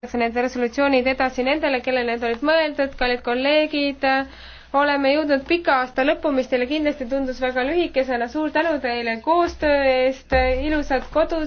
antakse need resolutsioonid edasi nendele, kellele need olid mõeldud, kallid kolleegid, oleme jõudnud pika aasta lõppu, mis teile kindlasti tundus väga lühikesena, suur tänu teile koostöö eest, ilusat kodu!